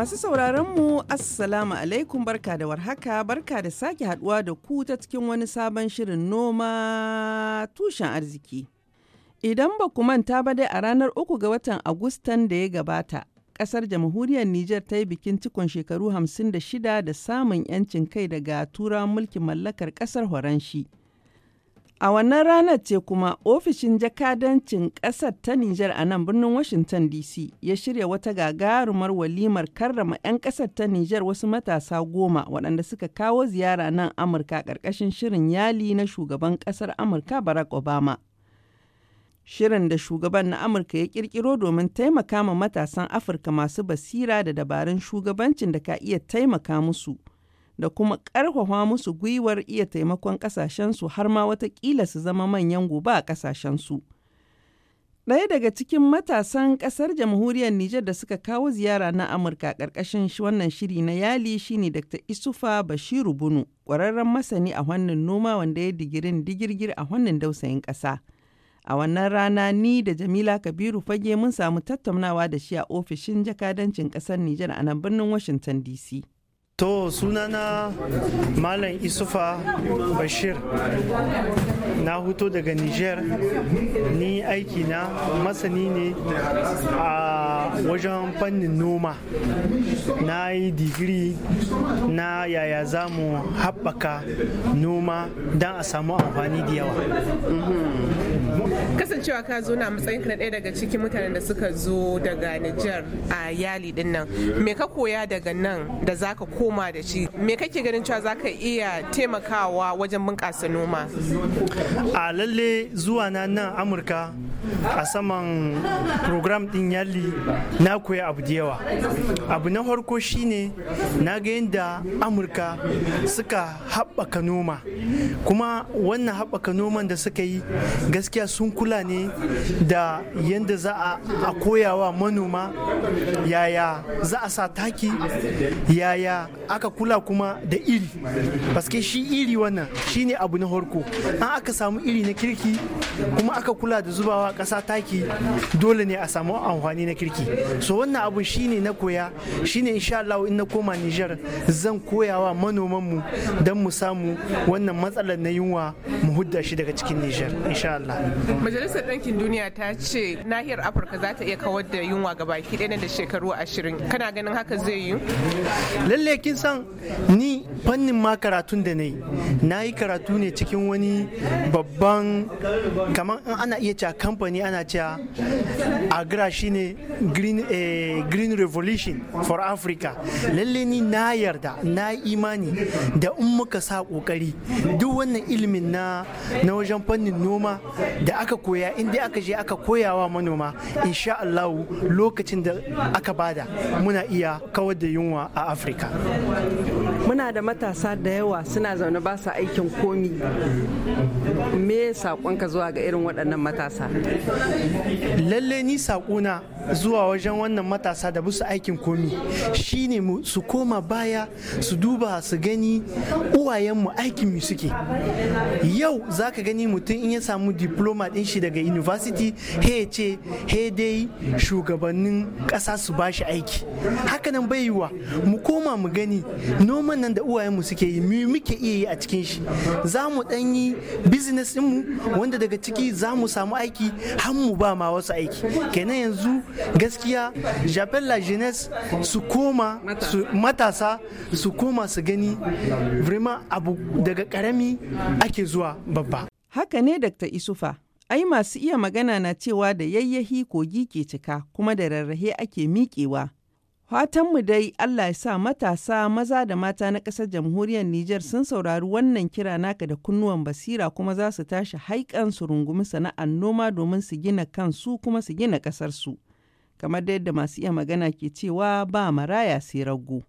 Masu sauraron mu Assalamu alaikum barka da warhaka barka da sake haduwa da ku ta cikin wani sabon shirin noma tushen arziki. Idan ba ku manta ba dai a ranar uku ga watan Agustan da ya gabata, ƙasar jamhuriyar Nijar ta yi bikin cikon shekaru 56 da samun 'yancin kai daga turawan mulkin mallakar ƙasar Horanshi. A wannan ranar ce kuma ofishin jakadancin ƙasar ta Nijar a nan birnin Washington DC ya shirya wata gagarumar walimar karrama 'yan ƙasar ta Nijar wasu matasa goma waɗanda suka kawo ziyara nan Amurka ƙarƙashin shirin yali na shugaban ƙasar Amurka Barack Obama. Shirin da shugaban na Amurka ya ƙirƙiro domin taimaka ma matasan Afirka masu basira da dabarun shugabancin da ka iya taimaka musu. da kuma ƙarfafa musu gwiwar iya taimakon ƙasashensu har ma watakila su zama manyan gobe a ƙasashensu. Ɗaya daga cikin matasan ƙasar jamhuriyar Nijar da suka kawo ziyara na Amurka ƙarƙashin wannan shiri na yali shine Dr. Isufa Bashiru Bunu, ƙwararren masani a wannan noma wanda ya digirin digirgir a wannan dausayin ƙasa. A wannan rana ni da Jamila Kabiru fage mun samu tattaunawa da shi a ofishin jakadancin ƙasar Nijar a nan birnin Washington DC. to sunana malam isufa bashir na huto daga niger ni aiki na masani ne a wajen fannin noma na yi digiri na yaya za mu haɓaka noma don a samu amfani da yawa mhm. kasancewa ka zo na matsayin na ɗaya daga cikin mutanen da suka zo daga niger a yali din nan me ka koya daga nan da za ka koma da shi me kake ganin cewa za ka iya taimakawa wajen bunƙasa noma a lalle zuwa na nan amurka a saman program din yalli na koya abu da yawa abu na harko shine na ga yadda amurka suka haɓaka noma kuma wannan haɓaka noman da suka yi gaskiya sun kula ne da yadda za a koyawa manoma yaya za a sa taki yaya aka kula kuma da iri paske shi iri wannan shine abu na harko an aka samu iri na kirki kuma aka kula da zubawa ƙasa taki dole ne a samu amfani na kirki so wannan abu shine na koya shine insha Allah in na koma Niger zan koyawa manoman mu dan mu samu wannan matsalar na yunwa mu hudda shi daga cikin Niger insha Allah Majalisar Ɗinkin Duniya ta ce nahiyar Afirka za ta iya kawar da yunwa ga baki ɗaya da shekaru 20 kana ganin haka zai yi lalle kin san ni fannin ma karatun da nayi nayi karatu ne cikin wani babban kamar ana iya cewa company ana cewa agra shine green, eh, green revolution for africa lalle ni na yarda na imani da in muka sa kokari duk wannan ilimin na na wajen fannin noma da aka koya inda aka je aka koyawa manoma insha Allah lokacin da aka bada muna iya kawar da yunwa a afirka muna da matasa da yawa suna zaune ba su aikin komi me saƙonka zuwa ga irin waɗannan matasa lalle ni saƙona zuwa wajen wannan matasa da busu aikin komi shine su koma baya su duba su gani uwayenmu aikin mu suke yau za ka gani mutum in ya samu diploma din shi daga university he ce he dai shugabannin ƙasa su bashi aiki hakanan bai yiwa mu koma mu gani noman nan da uwayenmu suke yi mu muke iya yi a cikin shi za mu ɗan yi business mu wanda daga ciki za mu samu aiki har mu ba ma wasu aiki kenan yanzu gaskiya j'appelle la jeunesse su koma su matasa su koma su gani vraiment abu daga karami ake zuwa babba haka ne dr isufa ai masu iya magana na cewa da yayyahi kogi ke cika kuma da rarrahe ake miƙewa mu dai Allah ya sa matasa maza da mata na ƙasar jamhuriyar niger sun saurari wannan kira naka da kunnuwan basira kuma za su tashi haikan su rungumi sana'ar noma domin su gina kansu kuma su gina ƙasarsu. kamar da yadda masu iya magana ke cewa ba maraya sai rago.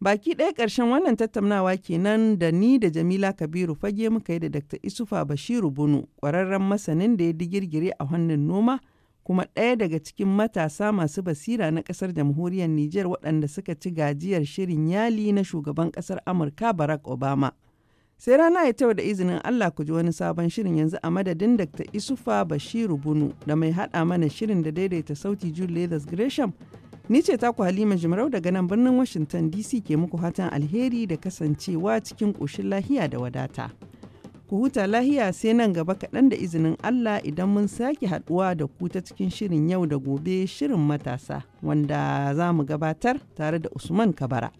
Baki ɗaya ƙarshen wannan tattaunawa kenan da ni da Jamila Kabiru fage muka yi da Dr. Isufa Bashiru Bunu, ƙwararren masanin da ya digirgire a hannun noma, kuma ɗaya daga cikin matasa masu basira na ƙasar jamhuriyar Nijar waɗanda suka ci gajiyar shirin yali na shugaban ƙasar Amurka Barack Obama. Sai rana ya tawa da izinin Allah ku ji wani sabon shirin yanzu a madadin Dr. Isufa Bashiru Bunu da mai haɗa mana shirin da daidaita sauti Jude Leathers Gresham. Ni ce ta taku Halima Jimarau daga nan birnin Washington DC ke muku hatan alheri da kasancewa cikin ƙoshin lahiya da wadata. Ku huta lahiya sai nan gaba kaɗan da izinin Allah idan mun sake haɗuwa da ku ta cikin shirin yau da gobe shirin matasa wanda za mu gabatar tare da Usman Kabara.